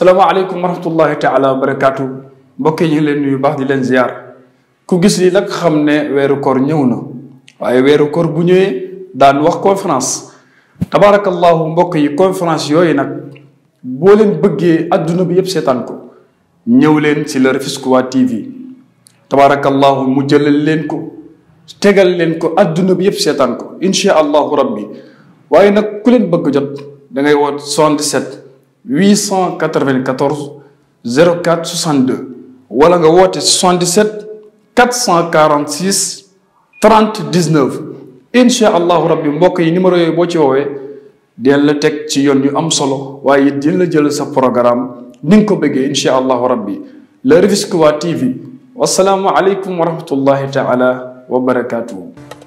salaamaaleykum wa rahmatullahi taala wa barakaatu mbokk yi ñu ngi leen nuyu baax di leen ziar ku gis lii nag xam ne weeru koor ñëw na waaye weeru koor bu ñëwee daan wax conférence tabaarakallahu mbokk yi conférence yooyu nag boo leen bëggee adduna bi yëpp seetaan ko ñëw leen si la Lerufisquois TV tabaarakallahu mu jëlal leen ko tegal leen ko adduna bi yëpp seetaan ko incha allahu rabbi waaye nag ku leen bëgg jot da ngay woot 77. 894 04 62 wala nga woote 77 446 30 19 incha allahu rabbi mbokk yi numéro yooyu boo ci woowee dinañ la teg ci yoon yu am solo waaye it dinañ la jël sa programme ni ko bëggee incha allahu rabbi la Rufisquois TV wasalaamu aleykum wa rahmatullahi taala wa barakaatuhu